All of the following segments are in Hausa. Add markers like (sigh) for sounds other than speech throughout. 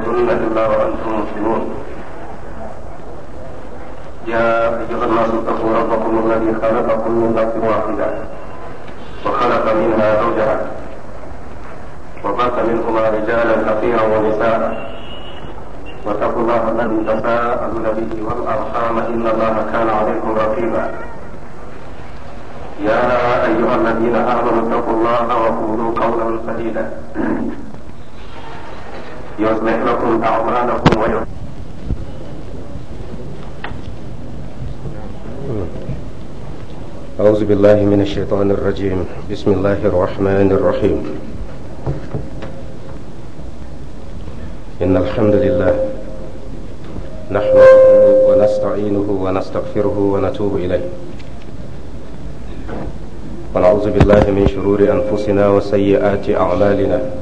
تؤمنون بالله وانتم مسلمون يا ايها الناس اتقوا ربكم الذي خلقكم من نفس واحده وخلق منها زوجها وبات منهما رجالا كثيرا ونساء واتقوا الله الذي تساءلون به والارحام ان الله كان عليكم رقيبا يا ايها الذين امنوا اتقوا الله وقولوا قولا سديدا يصلح لكم أعمالكم ويغفر أعوذ بالله من الشيطان الرجيم بسم الله الرحمن الرحيم إن الحمد لله نحمده ونستعينه ونستغفره ونتوب إليه ونعوذ بالله من شرور أنفسنا وسيئات أعمالنا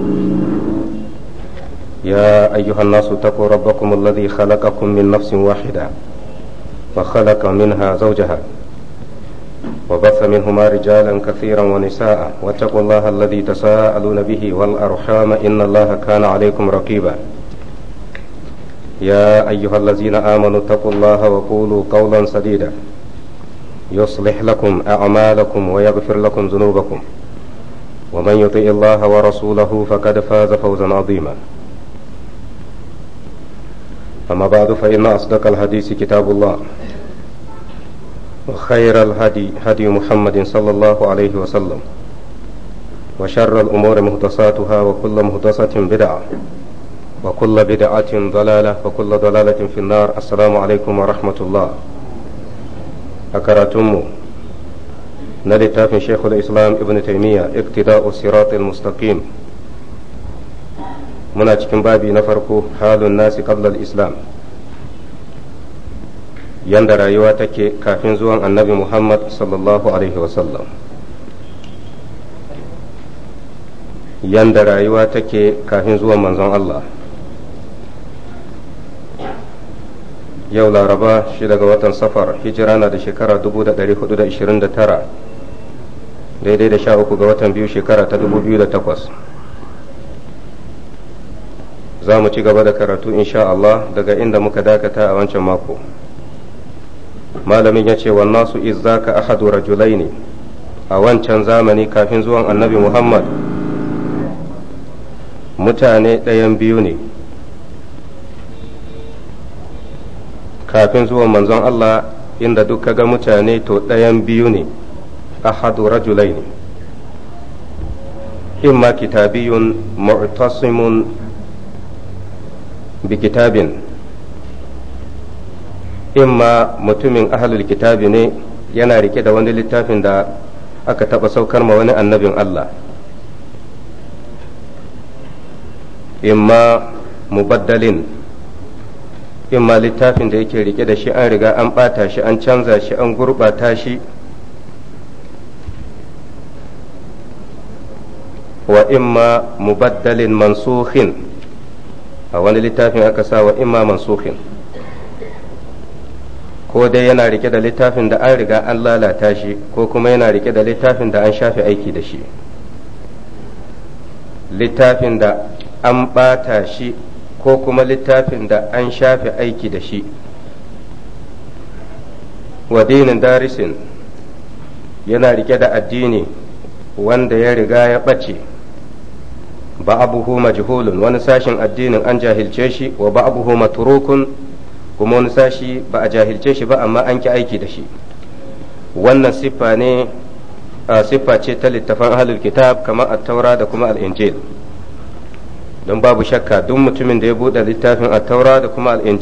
يا أيها الناس اتقوا ربكم الذي خلقكم من نفس واحدة وخلق منها زوجها وبث منهما رجالا كثيرا ونساء واتقوا الله الذي تساءلون به والأرحام إن الله كان عليكم رقيبا يا أيها الذين آمنوا اتقوا الله وقولوا قولا سديدا يصلح لكم أعمالكم ويغفر لكم ذنوبكم ومن يطئ الله ورسوله فقد فاز فوزا عظيما أما بعد فإن أصدق الحديث كتاب الله وخير الهدي هدي محمد صلى الله عليه وسلم وشر الأمور مهدساتها وكل مهدسة بدعة وكل بدعة ضلالة وكل ضلالة في النار السلام عليكم ورحمة الله أكرتم نلتاف شيخ الإسلام ابن تيمية اقتداء الصراط المستقيم muna cikin babi na farko halun nasi qablal islam yanda rayuwa take kafin zuwan annabi muhammad sallallahu alaihi yanda rayuwa take kafin zuwan manzon allah yau laraba shi daga watan safar hijira na da shekara 1429 daidai da sha uku ga watan biyu shekara ta 2008 za mu ci gaba da karatu insha Allah daga inda muka dakata a wancan mako malamin ya ce wa nasu izzaka ahadu rajulaini a wancan zamani kafin zuwan annabi Muhammad mutane ɗayan biyu ne kafin zuwan manzon Allah inda duk ga mutane to ɗayan biyu ne ahadu rajulaini imma kitabiyun mu'tasimun bikitabin ma mutumin ahalul kitabi ne yana rike da wani littafin da aka taɓa saukar ma wani annabin Allah in ma mubaddalin ma littafin da yake rike da shi an riga an ɓata shi an canza shi an gurɓata shi wa in imma mubaddalin mansukhin a wani littafin aka sa wa imaman mansukhin ko dai yana rike da littafin da an riga an lalata shi ko kuma yana rike da littafin da an shafe aiki da shi littafin da an ɓata shi ko kuma littafin da an shafe aiki da shi wa dinin darisin yana rike da addini wanda ya riga ya ɓace Ba ba'abuhu majhulun wani sashin addinin an jahilce shi wa ba'abuhu maturukun kuma wani sashi ba a jahilce shi ba amma an ki aiki da shi wannan siffa ne siffa ce ta littafan ahlul kitab kamar at-taura da kuma al-injil don babu shakka duk mutumin da ya buɗe littafin at-taura da kuma al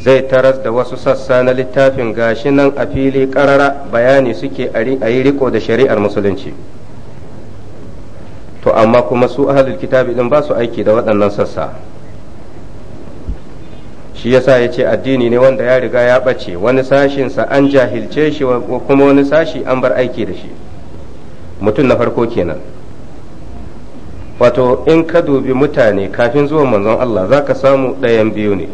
zai taras da wasu sassa na littafin gashi nan a fili karara bayani suke a yi riko da shari'ar musulunci to amma kuma su ahlul kitabi din ba su aiki da waɗannan sassa shi yasa ya ce addini ne wanda ya riga ya ɓace wani sashinsa an jahilce shi kuma wani sashi an bar aiki da shi mutum na farko kenan wato in ka dubi mutane kafin zuwa manzon Allah za ka samu ɗayan biyu ne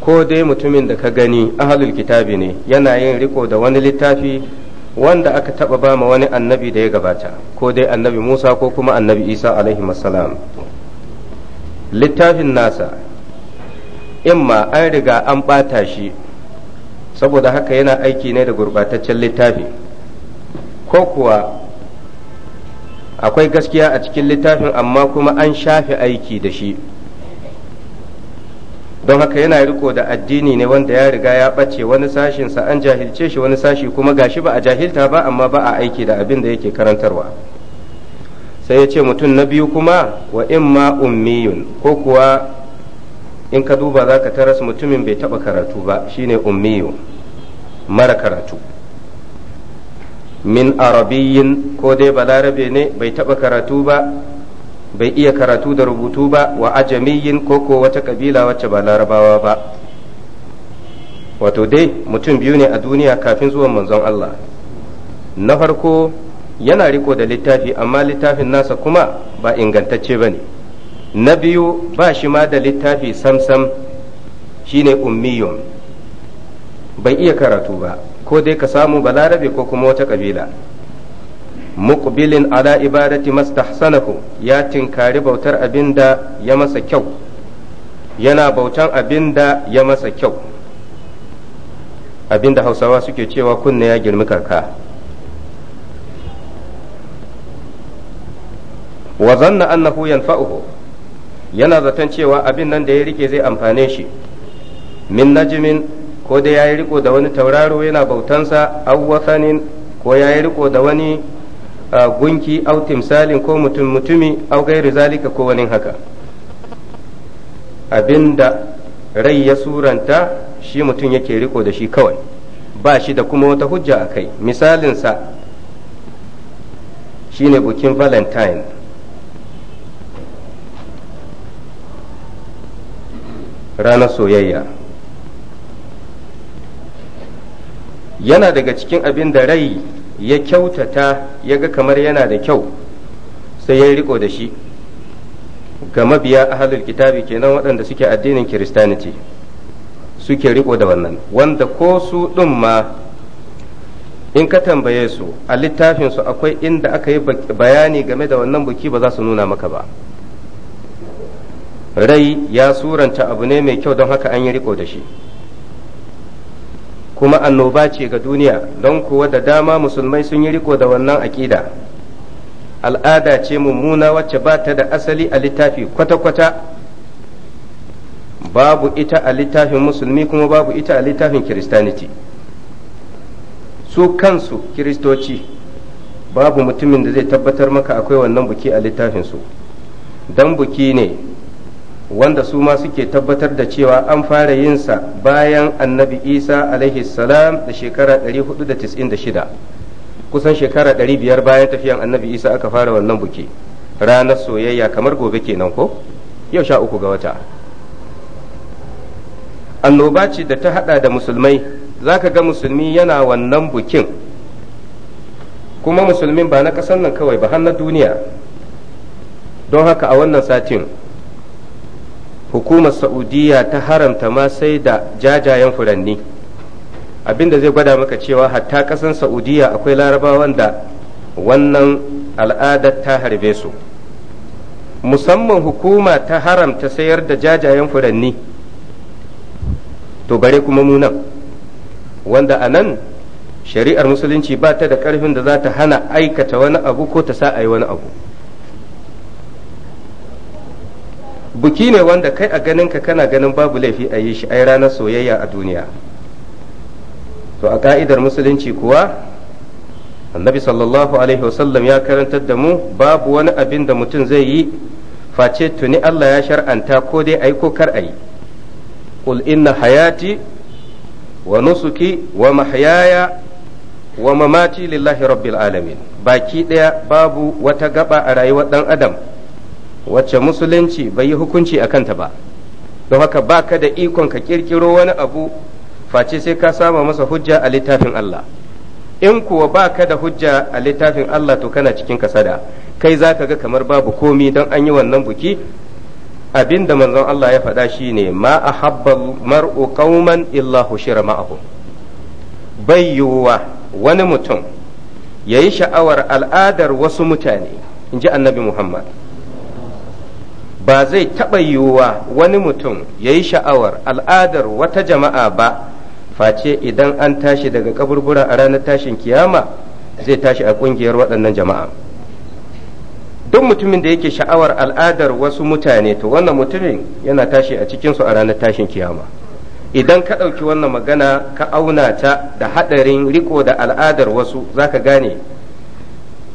ko dai mutumin da ka gani ahalul kitabi ne yana yin riko da wani littafi wanda aka taba ba ma wani annabi da ya gabata ko dai annabi Musa ko kuma annabi Isa alaihi salam littafin nasa imma an riga an ɓata shi saboda haka yana aiki ne da gurbataccen littafi ko kuwa akwai gaskiya a cikin littafin amma kuma an shafe aiki da shi don haka yana riko da addini ne wanda ya riga ya ɓace wani sashin sa an jahilce shi wani sashi kuma gashi ba a jahilta ba amma ba a aiki da abin da yake karantarwa sai ya ce mutum na biyu kuma wa in ma ummiyun ko kuwa in ka duba za ka taras mutumin bai taɓa karatu ba shine ummiyu mara karatu min arabiyin ko dai balarabe ne bai taba karatu ba bai iya karatu da rubutu ba wa ajamiyin koko wata kabila wacce ba larabawa ba wato dai mutum biyu ne a duniya kafin zuwan manzon Allah na farko yana riko da littafi amma littafin nasa kuma ba ingantacce ba ne na biyu ba shi ma da littafi samsam shine ummiyon bai iya karatu ba ko dai ka samu balarabe ko kuma wata kabila muqbilin ala ibadati mastahsanahu ya tinkari bautar abinda ya masa kyau yana bautan abinda ya masa kyau abinda hausawa suke cewa kunna ya girmi kaka wa zanna annahu yanfa'uhu yana zaton cewa abin nan da ya rike zai amfane shi min najmin ko da ya yi riko da wani tauraro yana bautansa aw ko ya yi riko da wani gunki au timsalin ko mutum mutumi au gairi zalika ko wani haka abinda rai ya suranta shi mutum yake riko da shi kawai ba shi da kuma wata hujja a kai misalinsa shine bukin valentine ranar soyayya yana daga cikin abin da rai ya kyautata ya ga kamar yana da kyau sai ya riko da shi ga mabiya halin kitabi kenan waɗanda suke addinin kiristaniti suke riko da wannan wanda ko su ɗin ma in ka tambaye su a littafinsu akwai inda aka yi bayani game da wannan buki ba za su nuna maka ba rai ya suranta abu ne mai kyau don haka an yi riko da shi kuma annoba ce ga duniya don kuwa da dama musulmai sun yi riko da wannan aƙida al'ada ce mummuna wacce ba ta da asali a littafi kwata-kwata babu ita a littafin musulmi kuma babu ita a littafin kiristaniti su kansu kiristoci babu mutumin da zai tabbatar maka akwai wannan buki a littafinsu don buki ne wanda su ma suke tabbatar da cewa an fara yin sa bayan annabi isa alaihi salam da shekara 496 kusan shekara 500 bayan tafiyan annabi isa aka fara wannan buki ranar soyayya kamar gobe kenan ko yau sha uku ga wata annoba ce da ta hada da musulmai zaka ga musulmi yana wannan bukin kuma musulmin ba na kasan nan kawai ba har na duniya don haka a wannan satin hukumar saudiya ta haramta ma sai da jajayen furanni abinda zai gwada maka cewa hatta kasan saudiya akwai larabawan da wannan al'adar ta harbe su musamman hukuma ta haramta sayar da jajayen furanni to bare kuma mu nan wanda a nan shari'ar musulunci ba ta da ƙarfin da za ta hana aikata wani abu ko ta sa a yi wani abu buki ne wanda kai a ganin ka kana ganin babu laifi a yi shi ai ranar soyayya a duniya to a ka'idar musulunci kuwa annabi sallallahu alaihi wasallam ya karantar da mu babu wani abin da mutum zai yi face tuni Allah ya shar'anta ko dai ai ko kar ai qul inna hayati wa nusuki wa mahyaya wa mamati lillahi rabbil alamin baki daya babu wata gaba a rayuwar dan adam wacce musulunci bai yi hukunci a kanta ba don haka ba ka da ikon ka kirkiro wani abu face sai ka sama masa hujja a littafin Allah in kuwa ba ka da hujja a littafin Allah to kana cikin kasada kai za ka ga kamar babu komi don an yi wannan buki abin da manzon Allah ya faɗa shi ne ma a habbal mar'u illa hushira ma'ahu bai yiwuwa wani mutum ya yi sha'awar al'adar wasu mutane in ji annabi Muhammad ba zai taɓa yiwuwa wani mutum ya yi sha'awar al'adar wata jama'a ba face idan an tashi daga kaburbura a ranar tashin kiyama zai tashi a ƙungiyar waɗannan jama'a duk mutumin da yake sha'awar al'adar wasu mutane to wannan mutumin yana tashi a cikinsu a ranar tashin kiyama idan ka ɗauki wannan magana ka auna ta da haɗarin riko da al'adar wasu za ka gane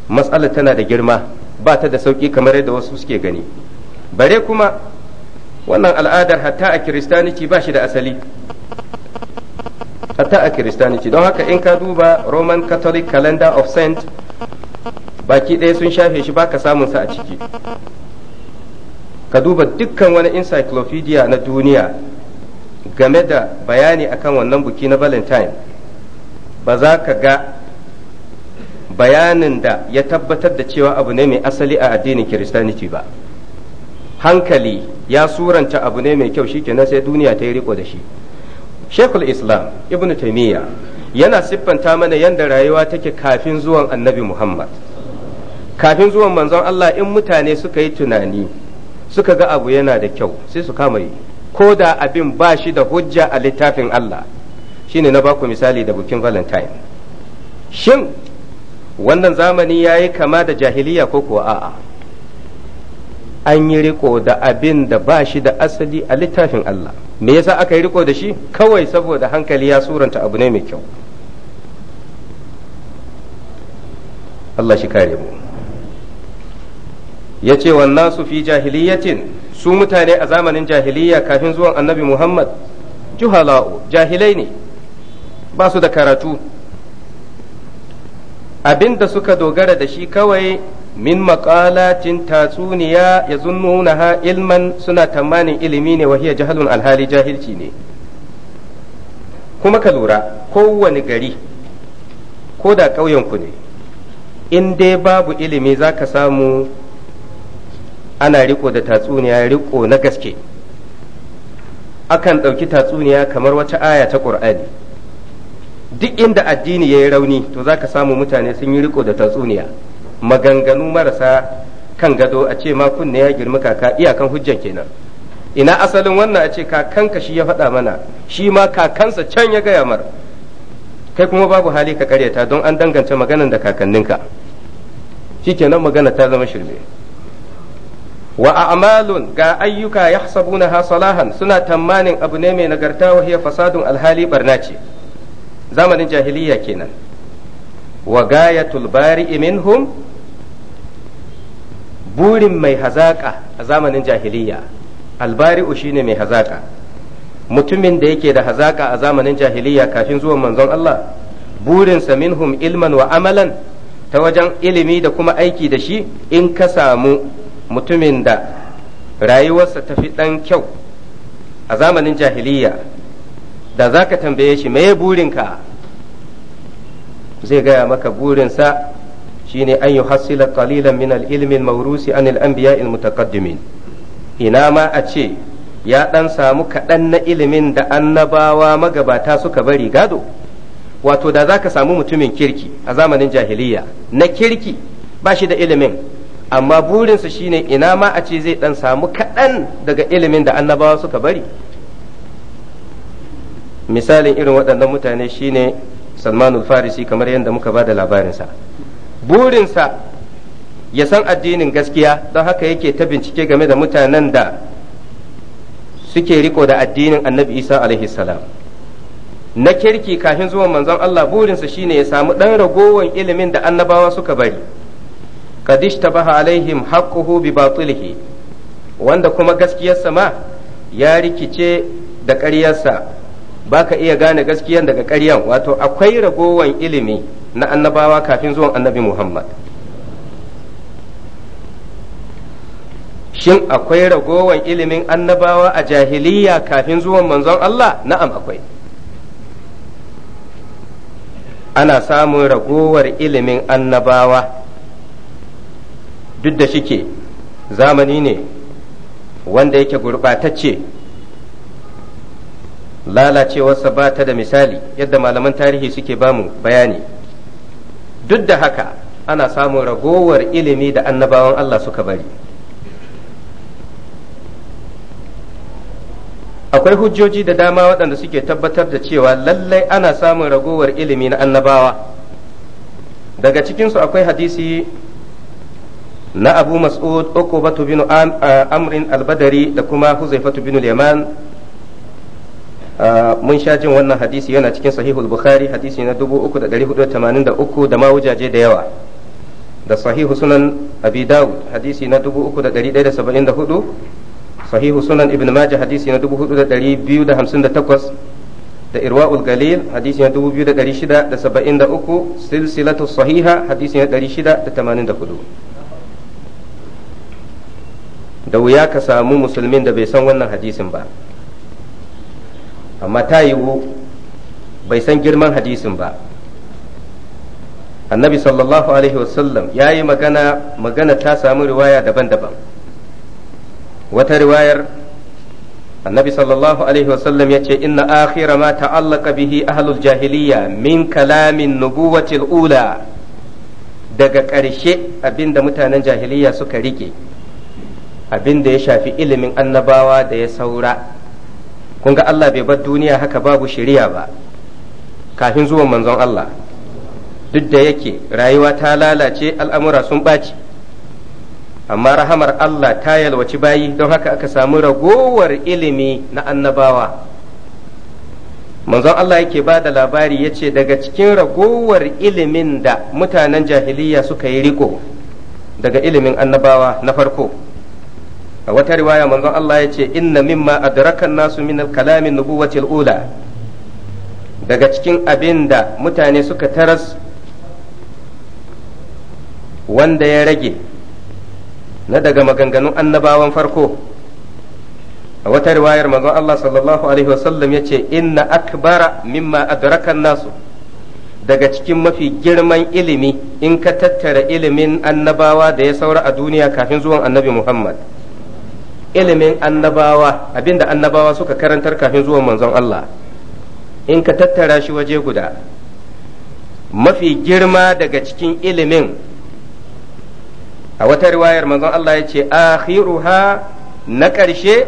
matsalar tana da girma ba ta da sauƙi kamar yadda wasu suke gani. bare kuma wannan al'adar hatta a kiristaniki ba shi da asali hatta a kiristaniki don haka in ka duba roman catholic calendar of saint baki ɗaya sun shafe shi baka samun sa a ciki ka duba dukkan wani encyclopedia na duniya game da bayani akan wannan buki na valentine ba za ka ga bayanin da ya tabbatar da cewa abu ne mai asali a addinin kiristaniti ba hankali ya suranta abu ne mai kyau shikenan sai duniya ta yi riko da shi shekul islam ibn taimiyya yana siffanta mana yadda rayuwa take kafin zuwan annabi muhammad kafin zuwan manzon allah in mutane suka yi tunani suka ga abu yana da kyau sai su kama yi ko da abin ba shi da hujja a littafin allah shine na baku misali da bukin valentine shin wannan zamani ya yi kama da jahiliya ko kuwa a'a an yi riko da abin da ba shi da asali a littafin Allah me yasa aka yi riko da shi kawai saboda hankali ya suranta abu ne mai kyau Allah shi kare mu ya ce wannan su fi jahiliyatin su mutane a zamanin jahiliya kafin zuwan annabi Muhammad juhala'u jahilai ne ba su da karatu abin da suka dogara da shi kawai min maqalatin tatsuniya yazunnunaha ilman suna tamanin ilimi ne wahiya jahalun alhali jahilci ne kuma ka lura kowane gari ko da ƙauyenku ne in dai babu ilimi za ka samu ana riko da tatsuniya riko na gaske akan ɗauki tatsuniya kamar wata aya ta ƙur'ani duk inda addini ya yi rauni to za ka samu mutane sun yi riko da tatsuniya maganganu marasa kan gado a ce ma kunne ya girma kaka iyakan hujjan kenan ina asalin wannan a ce kakanka shi ya faɗa mana shi ma kakansa can ya gaya mar kai kuma babu hali ka karyata don an dangance maganan da kakanninka kenan magana ta zama shirme wa a'malun ga ayyuka yahsabunaha salahan suna tamanin abu ne mai nagarta wa hiya fasadun alhali barna ce zamanin jahiliya kenan wa gayatul bari'i minhum burin mai hazaƙa a zamanin jahiliya albari'u shine mai hazaƙa mutumin da yake da hazaƙa a zamanin jahiliya kafin zuwan manzon Allah burinsa minhum ilman wa amalan ta wajen ilimi da kuma aiki da shi in ka samu mutumin da rayuwarsa ta fi ɗan kyau a zamanin jahiliya da za ka tambaye shi me burinka zai gaya maka burinsa shine an yi hasila kalilan min al'ilmin maurusi an al-anbiya al ina ma a ce ya ɗan samu kaɗan na ilimin da annabawa magabata suka bari gado wato da za ka samu mutumin kirki a zamanin jahiliya na kirki ba shi da ilimin amma burinsa shine ina ma a ce zai ɗan samu kaɗan daga ilimin da annabawa suka bari misalin irin waɗannan mutane shine salmanul farisi kamar yadda muka ba da labarinsa burinsa ya san addinin gaskiya don haka yake ta bincike game da mutanen da suke riko da addinin annabi isa alaihi salam na kirki kafin zuwan manzon Allah burinsa shine ya samu ɗan ragowar ilimin da annabawa suka bari kadish baha alaihim haqquhu bi batilihi wanda kuma gaskiyarsa ma ya rikice da ƙaryarsa ba ka iya gane gaskiyar daga ƙaryan wato akwai ragowar ilimi na annabawa kafin zuwan annabi Muhammad shin akwai ragowar ilimin annabawa a jahiliya kafin zuwan manzon Allah na'am akwai ana samun ragowar ilimin annabawa duk da shike zamani ne wanda yake gurɓatacce lalacewarsa ba ta da misali yadda malaman tarihi suke bamu bayani duk da haka ana samun ragowar ilimi da annabawan Allah suka bari akwai hujjoji da dama waɗanda suke tabbatar da cewa lallai ana samun ragowar ilimi na annabawa daga cikinsu akwai hadisi na abu mas'ud uku batu binu amrin albadari da kuma huzaifatu binu yaman Ah, mun sha jin wannan hadisi yana cikin sahihul bukhari hadisi na 3483 da ma wujaje da yawa da sahihu sunan abi daud hadisi na 3174 sahihu sunan ibn majah hadisi na 4258 da irwa'ul galil hadisi na 2673 silsilatu sahiha hadisi na 684 da wuya ka samu musulmin da bai san wannan hadisin ba amma ta yiwu bai san girman hadisin ba annabi sallallahu alaihi wasallam ya yi magana ta samu riwaya daban-daban wata riwayar annabi sallallahu alaihi wasallam ya ce inna akhira ma ta ta'allaka bihi ahlul jahiliya min kalamin nubuwatil ula daga ƙarshe abinda mutanen jahiliya suka rike abinda ya shafi ilimin annabawa da ya saura kun ga Allah bai bar duniya haka babu shari'a ba kafin zuwan manzon Allah duk da yake rayuwa ta lalace al'amura sun ɓaci amma rahamar Allah ta yalwaci bayi don haka aka samu ragowar ilimi na annabawa manzon Allah yake ba da labari ya ce daga cikin ragowar ilimin da mutanen jahiliya suka yi riko daga ilimin annabawa na farko a wata riwaya manzon Allah ya ce inna mimma adrakan nasu min kalamin nubuwatil ula daga cikin abin da mutane suka taras wanda ya rage na daga maganganun annabawan farko a wata riwayar manzon Allah sallallahu alaihi wasallam ya ce inna akbara mimma adrakan nasu daga cikin mafi girman ilimi in ka tattara ilimin annabawa da ya saura a duniya kafin zuwan annabi Muhammad ilimin annabawa abinda annabawa suka karantar kafin zuwan manzon Allah in ka tattara shi waje guda mafi girma daga cikin ilimin a wata riwayar manzon Allah ya ce akhiruha na ƙarshe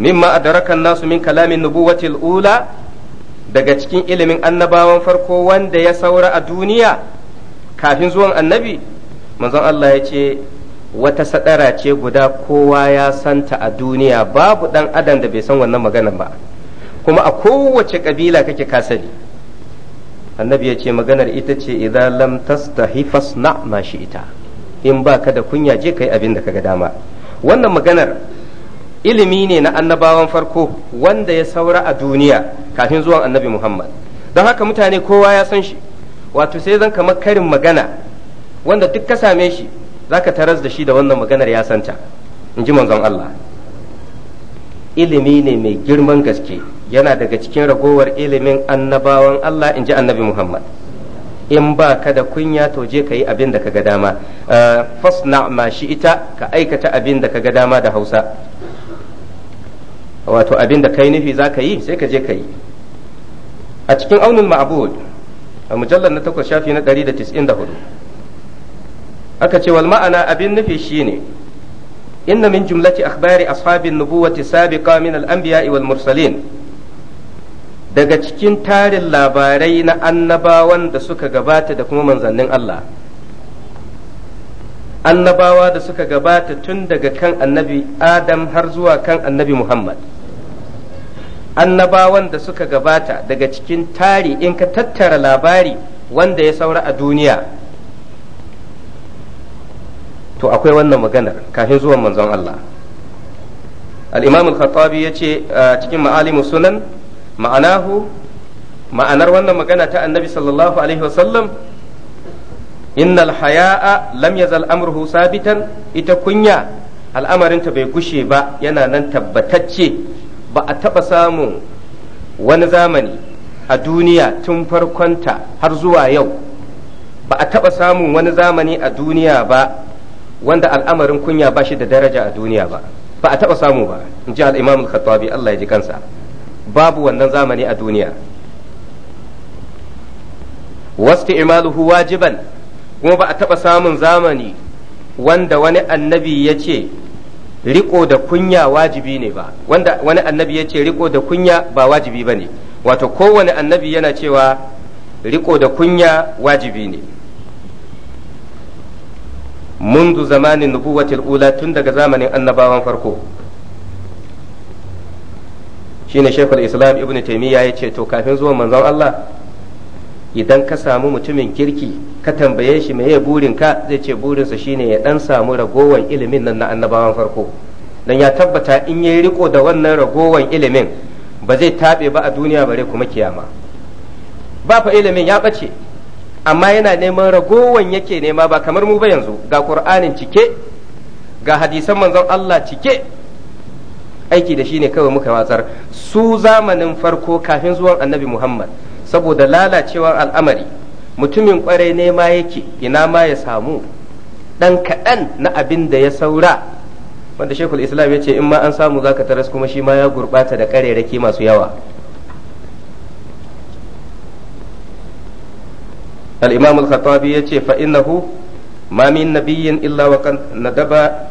mimma adrakan nasu min kalamin nubuwatil ula daga cikin ilimin annabawan farko wanda ya saura a duniya kafin zuwan annabi manzon Allah ya ce wata sadara ce guda kowa ya santa a duniya babu dan adam da bai san wannan magana ba kuma a kowace kabila kake kasari annabi ya ce maganar ita ce idza lam tastahi fasna ma shi ita in ka da kunya je kai abin da kaga dama wannan maganar ilimi ne na annabawan farko wanda ya saura a duniya kafin zuwan annabi Muhammad don haka mutane kowa ya san shi wato sai zan kamar karin magana wanda duk ka same shi zaka taras da shi da wannan maganar ya santa in ji manzon Allah ilimi ne mai girman gaske yana daga cikin ragowar ilimin annabawan Allah in ji annabi Muhammad in ba ka da kunya to je ka yi abin da ka ga dama uh, fasna ma shi ita ka aikata abin da ka ga dama da hausa wato abin da kai nufi za ka yi sai ka je ka yi a cikin aunin ma'abud a mujallar na takwas shafi na 194 aka ce wal ma'ana abin nufi shine inna min jumlati akhbari ashabin nubuwati sabiqa min al-anbiya'i wal mursalin daga cikin tarin labarai na annabawan da suka gabata da kuma manzannin Allah annabawa da suka gabata tun daga kan annabi Adam har zuwa kan annabi Muhammad annabawan da suka gabata daga cikin tari in ka tattara labari wanda ya saura a duniya to akwai wannan maganar kafin zuwan manzon Allah al-imam al-khattabi yace cikin ma'alimu sunan ma'anahu ma'anar wannan magana ta annabi sallallahu alaihi wasallam innal haya'a lam yazal amruhu sabitan ita kunya al'amarinta bai gushe ba yana nan tabbatacce ba a taɓa samun wani zamani a duniya tun farkonta har zuwa yau ba a taɓa samun wani zamani a duniya ba wanda al'amarin kunya ba shi da daraja a duniya ba ba a taɓa samu ba in ji al'imam khattabi Allah ya ji kansa babu wannan zamani a duniya wasu imaluhu wajiban kuma ba a taɓa samun zamani wanda wani annabi ya ce riko da kunya wajibi ne ba wanda wani annabi ya ce riko da kunya ba wajibi ba ne wato kowane annabi yana cewa riko da kunya wajibi ne منذ زمان النبوة الأولى تندق زمن annabawan فرقو shine shekul islam ابن taimiyya ya ce to kafin zuwa manzon Allah idan ka samu mutumin kirki ka tambaye shi meye ka zai ce burinsa shine ya dan samu ragowan ilimin nan na annabawan farko dan ya tabbata in yayi riko da wannan ragowan ilimin ba zai tabe ba a duniya bare kuma kiyama ba fa ilimin ya bace amma yana neman ragowan yake nema ba kamar mu ba yanzu ga qur'anin cike ga hadisan manzon Allah cike aiki da shi ne kawai muka watsar su zamanin farko kafin zuwan annabi Muhammad saboda lalacewar al'amari mutumin kwarai nema yake ina ma ya samu ɗan kaɗan na abin da ya saura wanda shekul islam ya ce in ma an samu zaka taras kuma shi ma ya gurɓata da ƙarerake masu yawa al-imam al-khattabi yace fa innahu ma min nabiyyin illa wa kan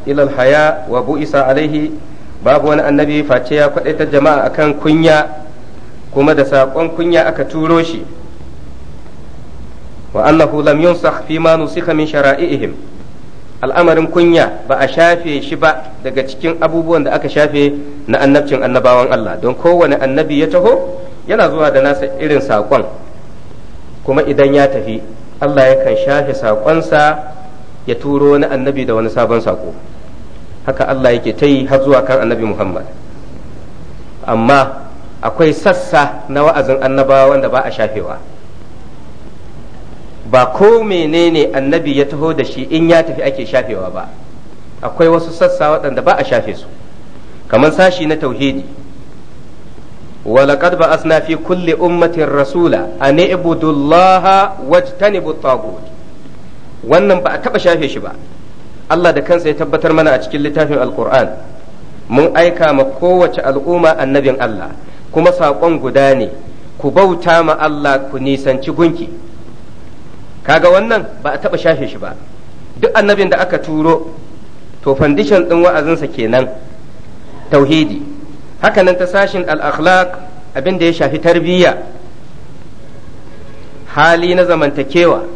ila haya wa bu'isa alaihi babu wani annabi face ya ta jama'a akan kunya kuma da sakon kunya aka turo shi wa annahu lam yunsakh fi ma nusikha min shara'ihim al'amarin kunya ba a shafe shi ba daga cikin abubuwan da aka shafe na annabcin annabawan Allah don kowane annabi ya taho yana zuwa da nasa irin sakon. kuma idan ya tafi Allah yakan shafe saƙonsa ya turo wani annabi da wani sabon saƙo haka Allah yake ta yi har zuwa kan annabi Muhammad amma akwai sassa na wa'azin annabawa wanda ba a shafewa ba ko menene annabi ya taho da shi in ya tafi ake shafewa ba akwai wasu sassa waɗanda ba a shafe su kamar sashi na tauhidi ولقد بعثنا في كل أمة رسولا أن اعبدوا الله واجتنبوا الطاغوت wannan ba a taɓa shafe shi ba Allah da kansa ya tabbatar mana a cikin littafin alkur'an mun aika ma kowace al'umma annabin Allah kuma saƙon guda ne ku bauta ma Allah ku nisanci gunki kaga wannan ba a taɓa shafe shi ba duk annabin da aka turo to fandishan ɗin wa'azinsa kenan tauhidi hakanan ta sashin al’akhlaq abinda abin da ya shafi tarbiyya hali na zamantakewa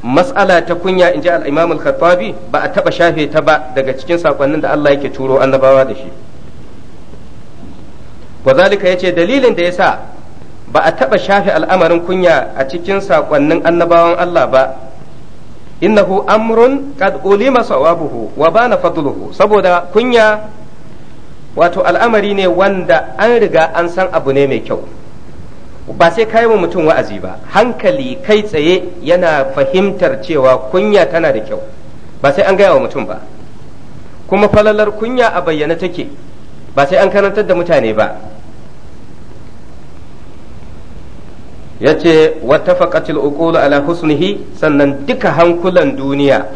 matsala ta kunya in ji al’imamul khattabi ba a taba shafe ta ba daga cikin sakonnin da Allah yake turo annabawa da shi wazalika ce dalilin da ya sa ba a taɓa shafe al'amarin kunya a cikin sakonnin annabawan Allah ba innahu amrun qad ulima sawabuhu wa bana fadluhu saboda kunya wato al'amari ne wanda an riga an san abu ne mai kyau ba sai kai wa mutum wa'azi ba hankali kai tsaye yana fahimtar cewa kunya tana da kyau ba sai an gaya wa mutum ba kuma falalar kunya a bayyana take ba sai an karantar da mutane ba ya ce wata wattafaqatil ukulu ala husnihi sannan duka hankulan duniya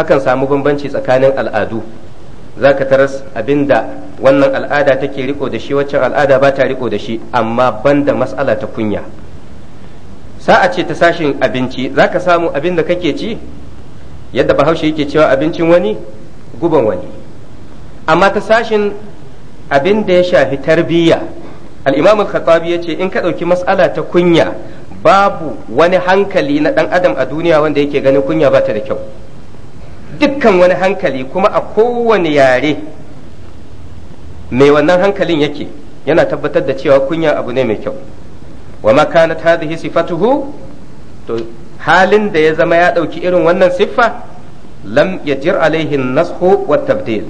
akan samu bambanci tsakanin al'adu za ka taras abinda wannan al'ada take riko da shi waccan al'ada ba ta riko da shi amma banda matsala ta kunya sa'a ce ta sashin abinci za ka samu abin da kake ci yadda bahaushe yake cewa abincin wani guban wani amma ta sashin abin da ya shafi tarbiyya al'imamu khatabi ya ce in ka ɗauki matsala ta kunya babu wani hankali na ɗan adam a duniya wanda yake ganin kunya ba ta da kyau dukkan wani hankali kuma a kowane yare mai wannan hankalin yake yana tabbatar da cewa kunya abu ne mai kyau wa ma kanat hadhihi sifatuhu to halin da ya zama ya ɗauki irin wannan siffa lam yajir alaihi nashu wa tabdil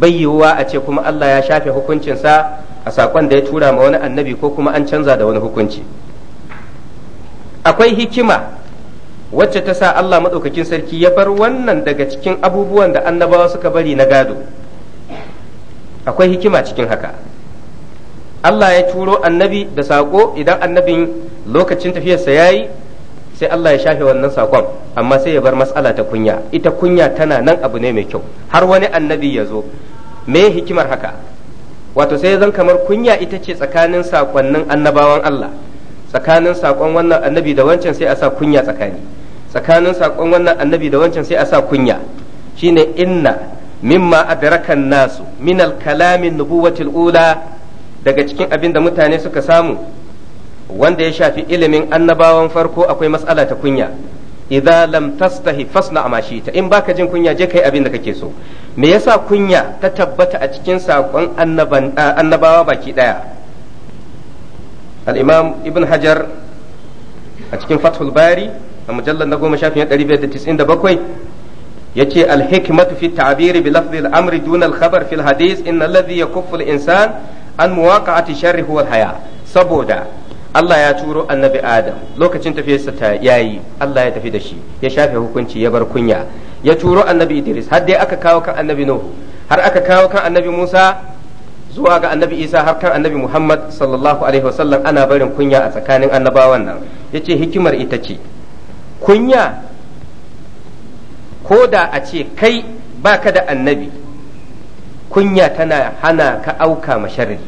bai yiwuwa a ce kuma Allah ya shafe hukuncinsa a saƙon da ya tura ma wani annabi ko kuma an canza da wani hukunci akwai hikima wacce ta sa Allah maɗaukakin sarki ya bar wannan daga cikin abubuwan da annabawa suka bari na gado akwai hikima cikin haka Allah ya turo annabi da saƙo idan annabin lokacin tafiyarsa ya yi sai Allah ya shafe wannan saƙon amma sai ya bar matsala ta kunya ita kunya tana nan abu ne mai kyau har wani annabi ya zo me hikimar haka wato sai zan kamar kunya ita ce tsakanin saƙonnin annabawan Allah tsakanin saƙon wannan annabi da wancan sai a sa kunya tsakani tsakanin saƙon wannan annabi da wancan sai a sa kunya shine inna mimma adrakan nasu min kalamin nubuwatil ula daga cikin abin da mutane suka samu wanda ya shafi ilimin annabawan farko akwai matsala ta kunya idza lam tastahi fasna amashita in baka jin kunya je kai abin da kake so me yasa kunya ta tabbata a cikin saƙon annabawa baki daya Al'imam imam hajar a cikin fathul a mujallar na goma shafin ɗari biyar da tis'in da bakwai ya ce alhikmatu fi ta'abiri bi lafzi al-amri duna al-khabar fil hadis inna alladhi yakuffu al-insan an muwaqa'ati sharri huwa haya saboda Allah ya turo annabi Adam lokacin tafiyarsa ta yayi Allah ya tafi da shi ya shafe hukunci ya bar kunya ya turo annabi Idris har aka kawo kan annabi Nuhu har aka kawo kan annabi Musa zuwa ga annabi isa har kan annabi muhammad sallallahu alaihi wasallam ana barin kunya a tsakanin annabawan nan ya ce hikimar ita ce kunya ko da a ce kai baka da annabi kunya tana hana ka auka masharri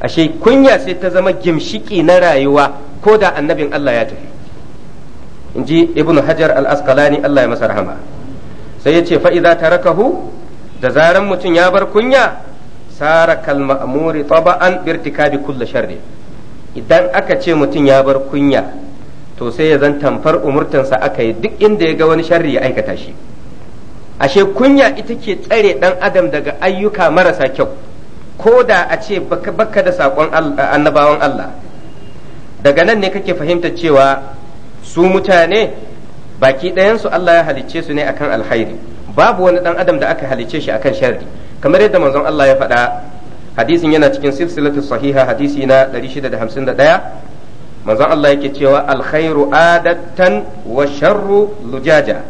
ashe kunya sai ta zama gimshiki na rayuwa ko da annabin Allah ya tafi in ji ibn hajar al-asqalani Allah ya masa rahama sai ya ce fa'iza rakahu da zaren mutum ya bar kunya sara kal ma'muri taba'an birti kabi sharri idan aka ce mutum ya bar kunya to sai ya zan tamfar umurtansa aka yi duk inda ya ga wani sharri ya aikata shi ashe kunya ita ke tsare dan adam daga ayyuka marasa kyau ko da a ce baka da sakon annabawan Allah daga nan ne kake fahimta cewa su mutane baki ɗayansu Allah ya halicce su ne akan alkhairi babu wani dan adam da aka halicce shi akan sharri kamar yadda manzon Allah ya faɗa hadisin yana cikin silsilatu sahiha hadisi na 651 manzon Allah yake cewa alkhairu adatan wa sharru lujaja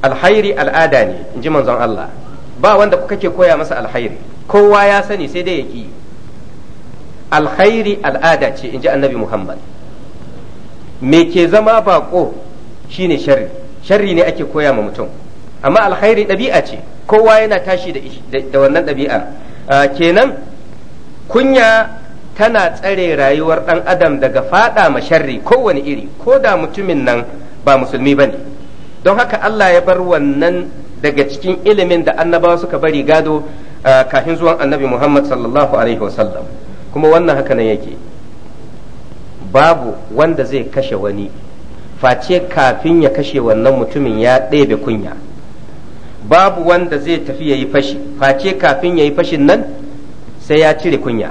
alkhairi al'ada ne in ji manzon Allah ba wanda kake koya masa alkhairi kowa ya sani sai dai ya ki alkhairi al'ada ce in ji annabi Muhammad me ke zama bako shine sharri sharri ne ake koya ma mutum amma alkhairi ɗabi'a ce kowa yana tashi da wannan ɗabi'ar ah, kenan kunya tana tsare rayuwar ɗan adam daga faɗa masharri kowane iri ko da mutumin nan ba musulmi ba ne don haka Allah ya bar wannan daga cikin ilimin da annabawa suka bari gado ah, kafin zuwan annabi Muhammad sallallahu alaihi wasallam kuma wannan haka nan yake babu wanda zai kashe wani face kafin ya kashe wannan mutumin ya ɗebe kunya babu wanda zai tafi ya yi fashi face kafin ya yi fashin nan sai ya cire kunya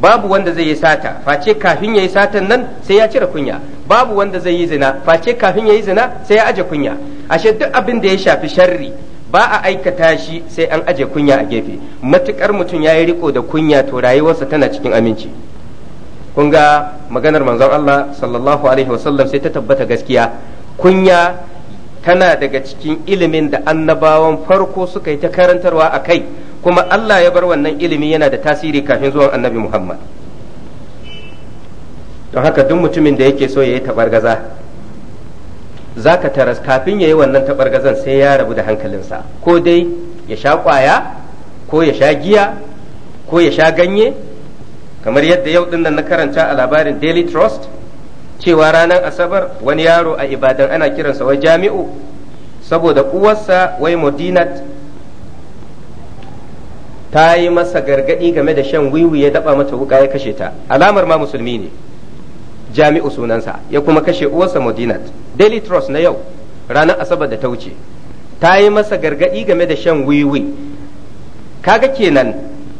babu wanda zai yi sata face kafin ya yi satan nan sai ya cire kunya babu wanda zai yi zina face kafin ya yi zina sai ya aje kunya ashe duk abin da ya shafi sharri ba a aikata shi sai an aje kunya a gefe matukar mutum ya yi riko da kunya to rayuwarsa tana cikin aminci kun ga maganar manzon Allah sallallahu alaihi wasallam sai ta tabbata gaskiya kunya tana daga cikin ilimin da annabawan farko suka yi ta karantarwa a kai kuma Allah ya bar wannan ilimi yana da tasiri kafin zuwan annabi Muhammad don haka duk mutumin da yake so ya yi tabargaza za ka taras kafin ya yi wannan tabargazan sai ya rabu da hankalinsa ko dai ya sha kwaya ko ya sha giya ko ya sha ganye kamar yadda yau din nan na karanta a labarin daily trust cewa ranar asabar wani yaro a ibadan ana kiransa wa jami'u saboda uwarsa wai modinat ta yi masa gargadi game da shan wiwi ya daba mata wuka ya kashe ta alamar ma musulmi ne jami'u sunansa ya kuma kashe uwarsa modinat daily trust na yau ranar asabar da ta wuce ta yi masa gargadi game da shan wiwi kaga kenan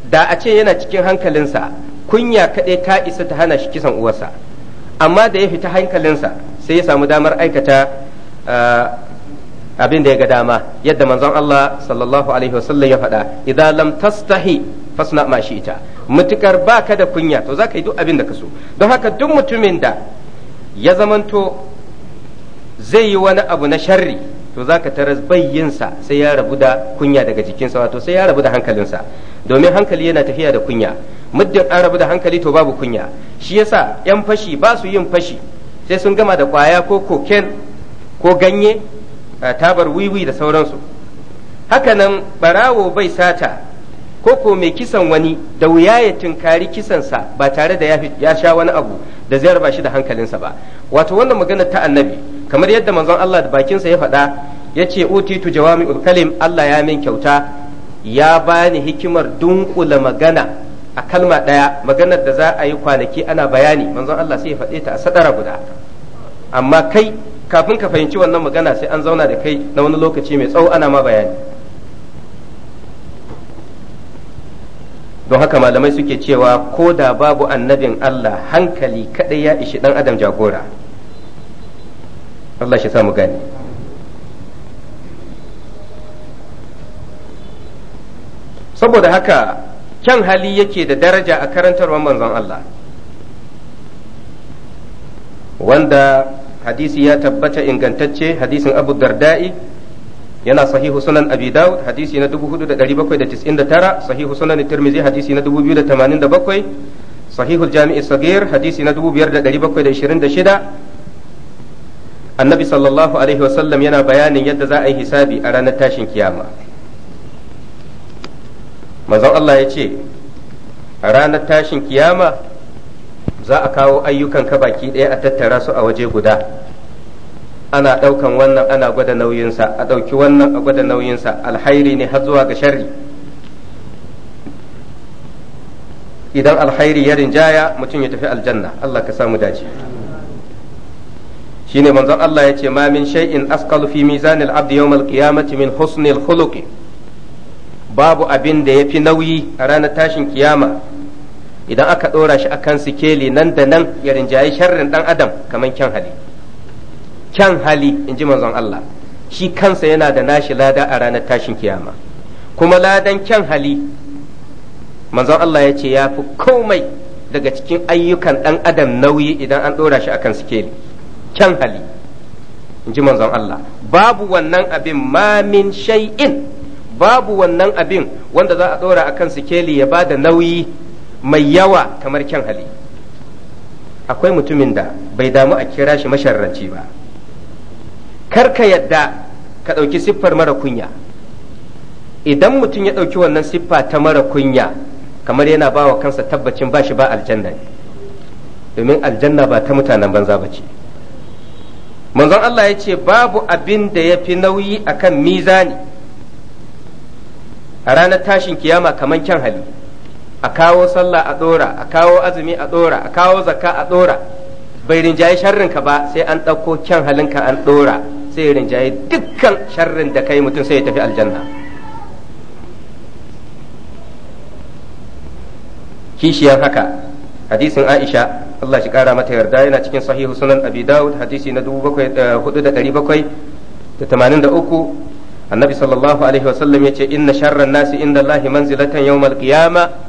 da a ce yana cikin hankalinsa kunya kaɗai ta isa ta hana shi kisan uwarsa amma da ya fita hankalinsa sai ya samu damar aikata ah, abin da ya ga dama yadda manzon Allah sallallahu alaihi wasallam ya faɗa idan lam tastahi fasna ma shi ita mutukar baka da kunya to zaka yi duk abin da ka so don haka duk mutumin da ya zamanto zai yi wani abu na sharri to zaka taras bayyinsa sai ya rabu da kunya daga jikinsa wato sai ya rabu da hankalinsa domin hankali yana tafiya da kunya muddin an rabu da hankali to babu kunya shi yasa yan fashi ba su yin fashi sai sun gama da kwaya ko koken ko ganye tabar wiwi da sauransu hakanan barawo bai sata ko ko mai kisan wani da wuya ya tunkari kisansa ba tare da ya sha wani abu da zai raba shi da hankalinsa ba wato wannan magana ta annabi kamar yadda manzon Allah da bakinsa ya faɗa ya ce utitu jawami'ul kalim Allah ya min kyauta ya bani hikimar dunkula magana a kalma ɗaya maganar da za a yi kwanaki ana bayani manzon Allah sai ya faɗe ta a sadara guda amma kai kafin ka fahimci wannan magana sai an zauna da kai na wani lokaci mai tsawo ana ma bayani don haka malamai suke cewa ko da babu annabin Allah hankali kaɗai ya ishi ɗan adam jagora Allah shi samu gani saboda haka kyan hali yake da daraja a karantarwar manzon Allah wanda hadisi ya tabbata ingantacce hadisin abu dardai yana sahihu sunan abi daud hadisi na 4799 sahihu sunan tirmizi hadisi na 2087 sahihu jami'i sagir hadisi na 5726 annabi sallallahu alaihi wasallam yana bayanin yadda za a yi hisabi a ranar tashin kiyama manzon Allah ya ce a ranar tashin kiyama za a kawo ayyukan ka baki ɗaya a tattara su a waje guda ana ɗaukan wannan ana gwada nauyinsa a ɗauki wannan a gwada nauyinsa alhairi ne har zuwa ga sharri idan alhairi ya rinjaya mutum ya tafi aljanna Allah ka samu dace shine manzon Allah ya ce ma min shay'in asqalu fi mizanil abdi yawm al-qiyamati min husnil khuluqi babu abin da ya fi nauyi a ranar tashin kiyama idan aka ɗora shi akan sikeli nan da nan ya rinjaye sharrin ɗan adam kamar kyan hali kyan hali in ji manzon Allah shi kansa yana da nashi lada a ranar tashin kiyama kuma ladan kyan hali manzon Allah ya ce ya fi komai daga cikin ayyukan ɗan adam nauyi idan an ɗora shi akan sikeli kyan hali in ji manzon Allah babu wannan abin mamin shay'in babu wannan abin wanda za a ɗora kan sikeli ya ba da nauyi mai yawa kamar kyan hali akwai mutumin da bai damu a kira shi masharranci ba kar ka yadda ka ɗauki siffar mara kunya idan mutum ya ɗauki wannan siffa ta mara kunya kamar yana ba wa kansa tabbacin ba shi ba aljanna ne domin aljanna ba ta mutanen banza ba ce manzon Allah ya ce babu abin da ya fi nauyi akan mizani a ranar tashin kiyama kamar kyan hali a kawo sallah a dora a kawo azumi a dora a kawo zakka a dora bai rinjaye sharrin ka ba sai an ɗauko kyan halinka an dora sai rinjaye dukkan sharrin da kai mutum sai ya tafi aljanna kishiyar haka hadisin Aisha Allah shi kara mata yarda yana cikin sahihu sunan Abi Dawud hadisi na eh, annabi sallallahu alaihi wasallam yace inna sharran nasi inda Allah manzilatan yawmal qiyama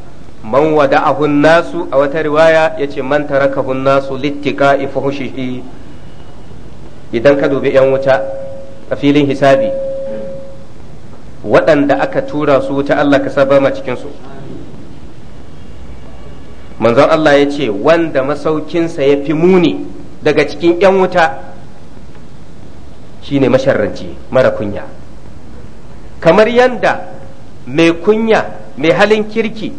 man wada'ahu nasu a wata riwaya yace man raka nasu littiqa'i fuhushihi idan ka dubi yan wuta a filin hisabi waɗanda aka tura su wuta Allah ka saba ma cikin su manzon Allah ya ce wanda sa ya fi muni daga cikin 'yan wuta shine masharranci mara kunya kamar yadda mai kunya mai halin kirki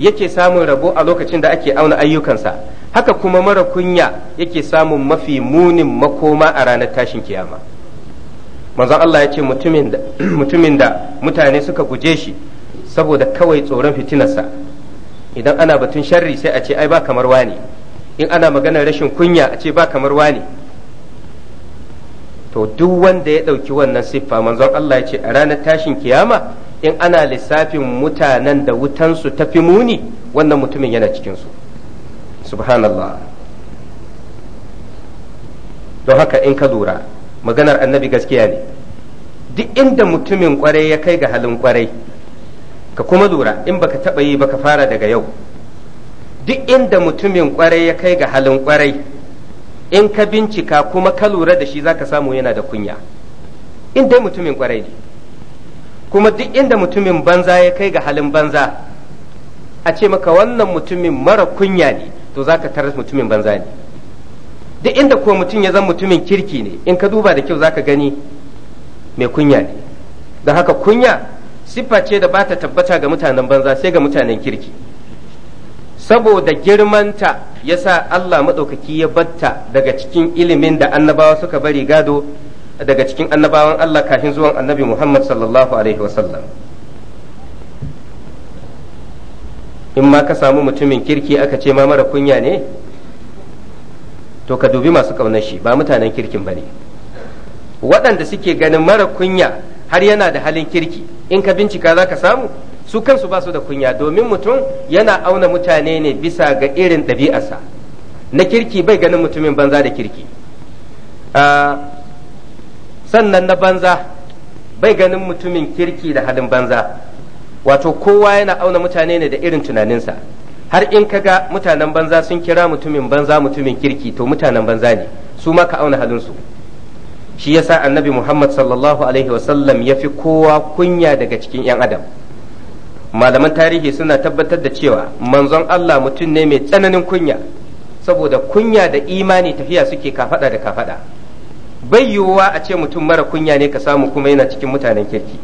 yake samun rabo a lokacin da ake auna ayyukansa haka kuma mara kunya yake samun mafi munin makoma a ranar tashin kiyama manzon Allah ya ce mutumin da (clears throat) mutane suka guje shi saboda kawai tsoron fitinarsa idan ana batun sharri sai a ce ai ba kamar wani in ana maganar rashin kunya a ce ba kamar wani to duk wanda ya ɗauki wannan siffa manzon Allah ya ce a ranar tashin kiyama in ana lissafin mutanen da wutansu ta fi muni wannan mutumin yana cikinsu subhanallah don haka in ka lura maganar annabi gaskiya ne duk inda mutumin kwarai ya kai ga halin kwarai ka kuma lura in baka taba yi baka fara daga yau duk inda mutumin kwarai ya kai ga halin kwarai in ka bincika kuma ka lura da shi za zaka samu yana da kunya in dai mutumin kwarai ne kuma duk inda mutumin banza ya kai ga halin banza a ce maka wannan mutumin mara kunya ne to za ka tarar mutumin banza ne duk inda ko mutum ya zan mutumin kirki ne in ka duba da kyau za ka gani mai kunya ne da haka kunya siffa ce da ba ta tabbata ga mutanen banza sai ga mutanen kirki saboda girmanta ya sa Allah maɗaukaki ya batta daga cikin ilimin da annabawa suka bari gado daga cikin annabawan Allah kafin zuwan annabi Muhammad sallallahu alaihi wasallam in ma ka samu mutumin kirki aka ce ma mara kunya ne to ka dubi masu ƙaunar shi ba mutanen kirkin ba ne waɗanda suke ganin mara kunya har yana da halin kirki in ka bincika za ka samu su kansu ba su da kunya domin mutum yana auna mutane ne bisa ga irin ɗabi'arsa na kirki bai ganin mutumin banza da kirki ah, sannan na banza bai ganin mutumin kirki da halin banza wato kowa yana auna mutane ne da irin tunaninsa har in ka ga mutanen banza sun kira mutumin banza mutumin kirki to mutanen banza ne su ma ka auna halinsu shi yasa annabi muhammad sallallahu alaihi wasallam ya fi kowa kunya daga cikin 'yan adam malaman tarihi suna tabbatar da cewa manzon Allah mutum ne mai tsananin kunya saboda kunya da imani tafiya suke kafada da kafada bai yiwuwa a ce mutum mara kunya ne ka samu kuma yana cikin mutanen kirki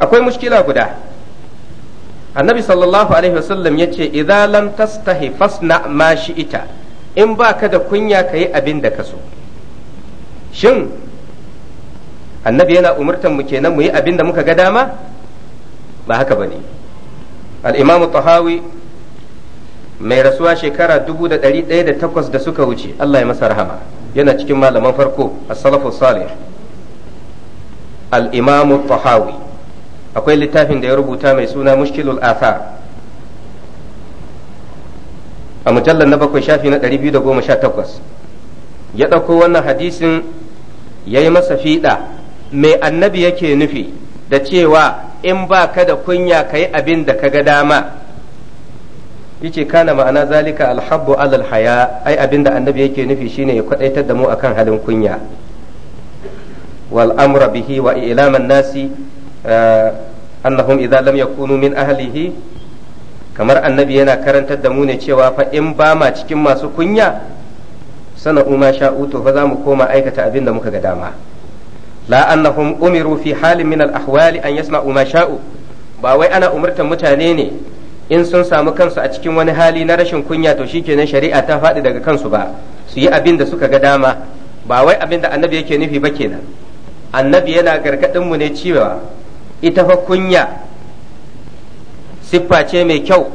akwai mushkila guda annabi sallallahu alaihi wasallam ya ce idza lam tastahi fasna ma shi'ita in baka da kunya kayi abin da ka so shin annabi yana umurtan mu kenan mu yi abin da muka ga dama ba haka ba ne al'imamu tahawi mai rasuwa shekara 1108 da da suka wuce Allah ya masa rahama yana cikin malaman farko a salafu salih al tahawi akwai littafin da ya rubuta mai suna mushkilul athar a mujallar na bakwai shafi na 218 ya ɗauko wannan hadisin ya yi masa fiɗa mai annabi yake nufi da cewa in ba ka da kunya ka yi abin da ka ga dama yace kana ma'ana zalika alhabbu alal haya ai abin da annabi yake nufi shine ya kwadaitar da mu akan halin kunya wal amra bihi wa ilaman nasi eh, annahum idza lam yakunu min ahlihi kamar annabi yana karantar da mu ne cewa fa in ba ma cikin masu kunya sana'u ma sha'utu fa za mu koma aikata abin da muka ga dama la annahum umiru fi halin min al-ahwali an yasma'u ma sha'u ba wai ana umurtan mutane ne in sun samu kansu a cikin wani hali na rashin kunya to shi shikenan shari'a ta faɗi daga kansu ba su yi abin da suka ga dama ba wai abin da annabi yake nufi ba kenan annabi yana gargaɗin mu ne cewa ita fa kunya siffa ce mai kyau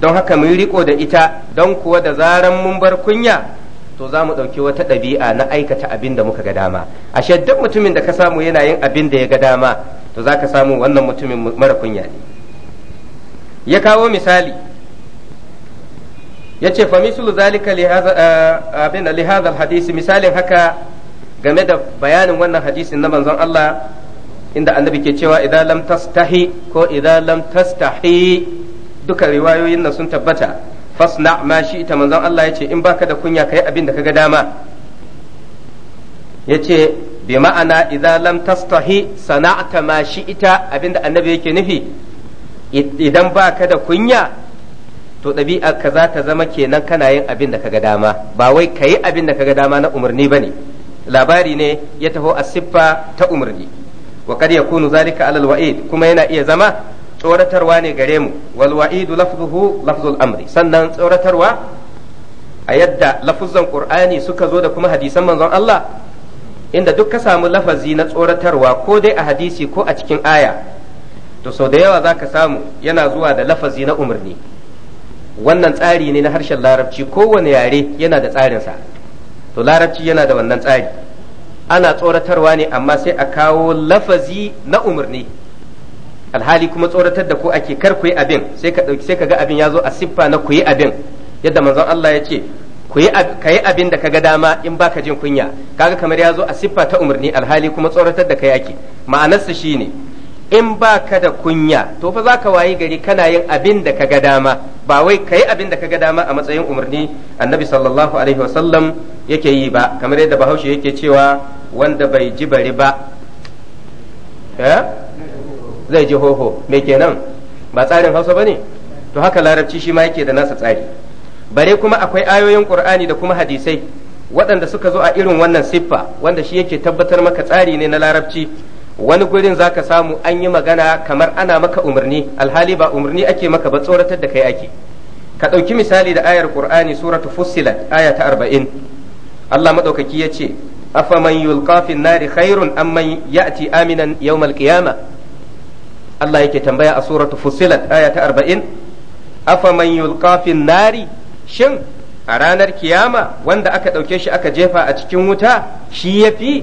don haka mu riko da ita don kuwa da zaran mun bar kunya to za mu ɗauki wata ɗabi'a na aikata abin da muka ga dama ashe duk mutumin da ka samu yana yin abin da ya ga dama to za ka samu wannan mutumin mara kunya ne ya kawo misali ya ce famisul zalika abin da lihazal hadisi misalin haka game da bayanin wannan hadisin na manzon Allah inda annabi ke cewa idan lam tastahi ko idan lam tastahi duka riwayoyin nan sun tabbata fasna ma shi ita manzon Allah yace in baka da kunya kai abin da ga dama yace bi ma'ana idza lam tastahi sana'ta ma shi ita abinda annabi yake nufi idan baka da kunya to ɗabi'a ka za ta zama kenan kana yin abin da kaga dama ba wai kayi abin da kaga dama na umarni ba ne, labari ne ya taho a siffa ta umarni wa kad yakunu zalika alal wa'id kuma yana iya zama tsoratarwa ne gare mu wal wa'idu lafzuhu lafzul amri sannan tsoratarwa a yadda lafuzan qur'ani suka zo da kuma hadisan manzon Allah inda duk ka samu lafazi na tsoratarwa ko dai a hadisi ko a cikin aya to sau da yawa zaka samu yana zuwa da lafazi na umarni wannan tsari ne na harshen larabci kowane yare yana da tsarinsa to larabci yana da wannan tsari ana tsoratarwa ne amma sai a kawo lafazi na umarni alhali kuma tsoratar da ku ake kar ku yi abin sai ka sai ka ga abin ya zo a siffa na ku yi abin yadda manzon Allah ya ce ku yi ka yi abin da ka ga dama in baka jin kunya kaga kamar ya zo a siffa ta umarni alhali kuma tsoratar da kai ake ma'anarsa shine in baka da kunya to fa zaka wayi gari kana yin abin da ka ga dama ba wai ka yi abin da ka ga dama a matsayin umarni annabi sallallahu alaihi wasallam yake yi ba kamar yadda bahaushe yake cewa wanda bai ji bari ba eh? zai je hoho me kenan ba tsarin hausa ba ne to haka larabci shi ma yake da nasa tsari bare kuma akwai ayoyin qur'ani da kuma hadisai waɗanda suka zo a irin wannan siffa wanda shi yake tabbatar maka tsari ne na larabci wani gurin zaka samu an yi magana kamar ana maka umarni alhali ba umarni ake maka ba tsoratar da kai ake ka ɗauki misali da ayar qur'ani suratu fussilat aya ta arba'in Allah maɗaukaki ya ce afaman yulqa fin nari khairun amman ya'ti aminan yawmal qiyamah Allah yake tambaya a suratu Fussilat aya ta 40 man yulqa nari shin a ranar kiyama wanda aka ɗauke shi aka jefa a cikin wuta shi yafi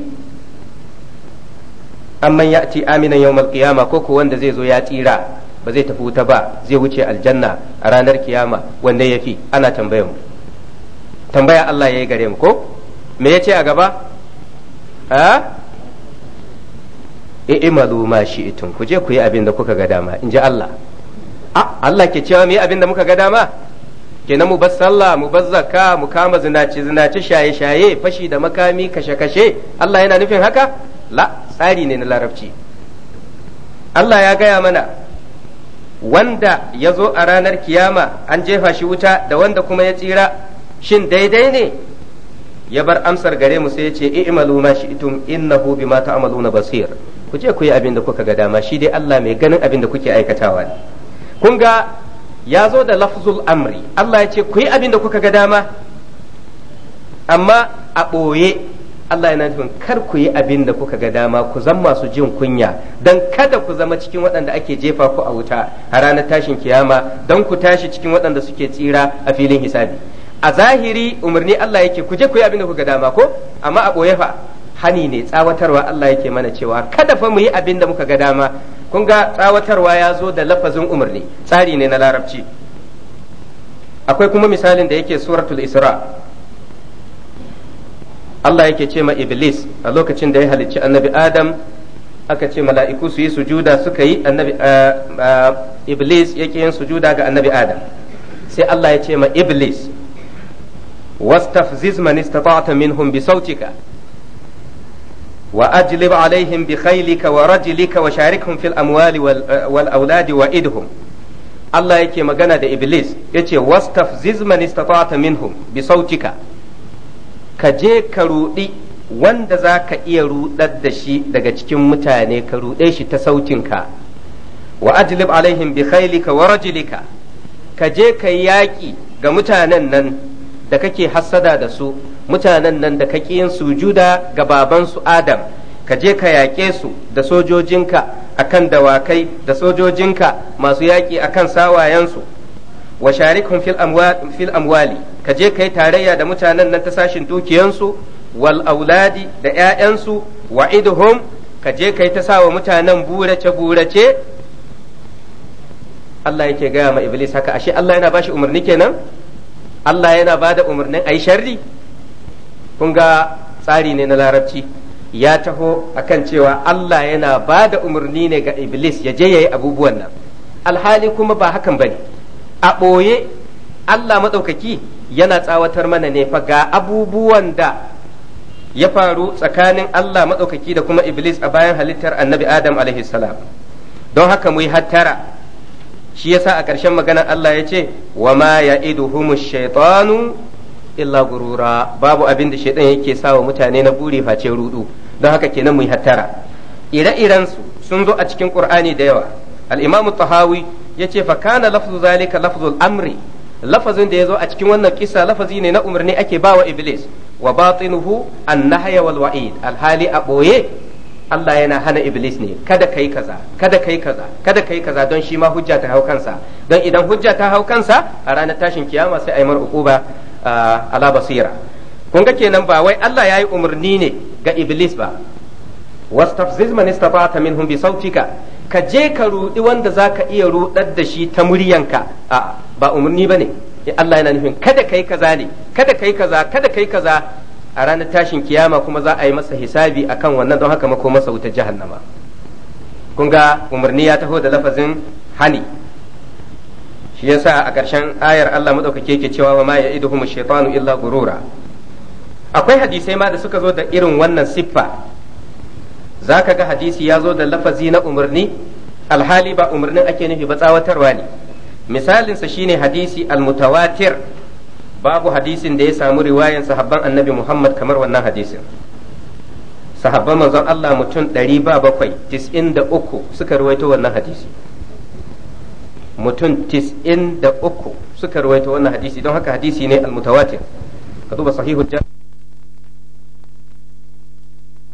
amman ya'ti aminan yawmal qiyama ko ko wanda zai zo ya tsira ba zai tafi wuta ba zai wuce aljanna a ranar kiyama wanda yafi ana tambaya mu tambaya Allah yayi gare mu ko me yace a gaba i'malu ma shi'tum ku je ku yi abin da kuka ga dama in ji Allah a Allah ke cewa mu yi abin da muka ga dama kenan mu bar sallah mu bar zakka mu kama zinace zinace shaye shaye fashi da makami kashe kashe Allah yana nufin haka la tsari ne na larabci Allah ya gaya mana wanda ya zo a ranar kiyama an jefa shi wuta da wanda kuma ya tsira shin daidai ne ya bar amsar gare mu sai ya ce i'malu ma shi'tum innahu bima ta'maluna basir ku je ku yi abin da kuka ga dama shi dai Allah mai ganin abin da kuke aikatawa ne kun ga ya zo da lafzul amri Allah ya ce ku yi abin da kuka ga dama amma a ɓoye Allah yana nufin kar ku yi abin da kuka ga dama ku zama masu jin kunya don kada ku zama cikin waɗanda ake jefa ku a wuta a ranar tashin kiyama don ku tashi cikin waɗanda suke tsira a filin hisabi a zahiri umarni Allah yake ku je ku yi abin da kuka ga dama ko amma a ɓoye fa hani ne tsawatarwa Allah yake mana cewa kada fa mu yi abin da muka ga dama kun ga tsawatarwa ya zo da lafazin umarni tsari ne na larabci akwai kuma misalin da yake suratul isra Allah yake ce ma iblis a lokacin da ya halicci annabi adam aka ce mala'iku su yi sujuda suka yi annabi eh, eh, iblis yake yin sujuda ga annabi adam sai Allah ya ce ma iblis wastafziz man istata'ta minhum bi sautika wa ajlib alaihim bi khailika wa rajlika wa sharikhum fil amwali auladi wa Allah yake magana da Iblis yace wastafziz man istata'ta minhum bi sautika ka je ka rudi wanda za ka iya rudar da shi daga cikin mutane ka rude shi ta sautinka wa ajlib alaihim bi khailika wa rajlika ka ka yaki ga mutanen nan da kake hassada da su mutanen nan da kake yin sujuda ga babansu adam ka je ka yaƙe su da sojojinka a kan dawakai da sojojinka masu yaƙi a kan sawayensu wa sharikhum fil amwali ka je yi tarayya da mutanen nan ta sashin dukiyansu wal auladi da 'ya'yansu wa idhum ka je kai ta sawa mutanen burace burace Allah yake gaya ma Iblis haka ashe Allah yana bashi umarni kenan Allah yana ba da umarnin a yi sharri kun ga tsari ne na larabci ya taho akan cewa Allah yana ba da umarni ne ga iblis ya je ya yi abubuwan nan alhali kuma ba hakan ba ne a ɓoye Allah maɗaukaki yana tsawatar mana ne fa ga abubuwan da ya faru tsakanin Allah maɗaukaki da kuma iblis a bayan halittar annabi adam salam don haka mu yi hattara shi yasa a ƙarshen maganar Allah ya ce wa ma ya'iduhumush shaitanu illa gurura babu abin da shaitan yake sawa mutane na buri face rudu don haka kenan mu yi hattara ire-iren su sun zo a cikin Qur'ani da yawa al-Imam Tahawi yace fa kana lafzu zalika lafzul amri lafazin da ya zo a cikin wannan kisa lafazi ne na umarni ake bawa iblis wa batinuhu an-nahya wal wa'id alhali a boye Allah yana hana iblis ne kada kai kaza kada kai kaza kada kai kaza don shi ma hujja ta hau kansa don idan hujja ta hau kansa a ranar tashin kiyama sai a yi mar uquba ala basira kun ga kenan ba wai Allah ya yi umarni ne ga iblis ba wastafziz man ta minhum bi sautika ka je ka rudi wanda za ka iya rudar da shi ta muryanka a ba umarni bane eh, Allah yana nufin kada kai kaza ne kada kai kaza kada kai kaza a ranar tashin kiyama kuma za a yi masa hisabi a kan wannan don haka mako masa wuta jahannama kun ga umarni ya taho da lafazin hani shi ya sa a ƙarshen ayar Allah madaukake ke cewa wa ma ya'iduhum shaitanu illa gurura akwai hadisai ma da suka zo da irin wannan siffa Za ka ga hadisi ya zo da lafazi na umarni alhali ba umarnin ake nufi ba tsawatarwa ne misalinsa shine hadisi al mutawatir babu hadisin da ya samu riwayan sahabban annabi Muhammad kamar wannan hadisin sahabban manzon Allah mutum uku suka ruwaito wannan hadisi mutum uku suka ruwaito wannan hadisi don haka hadisi ne al-mutawatir ka duba sahihu. jami'a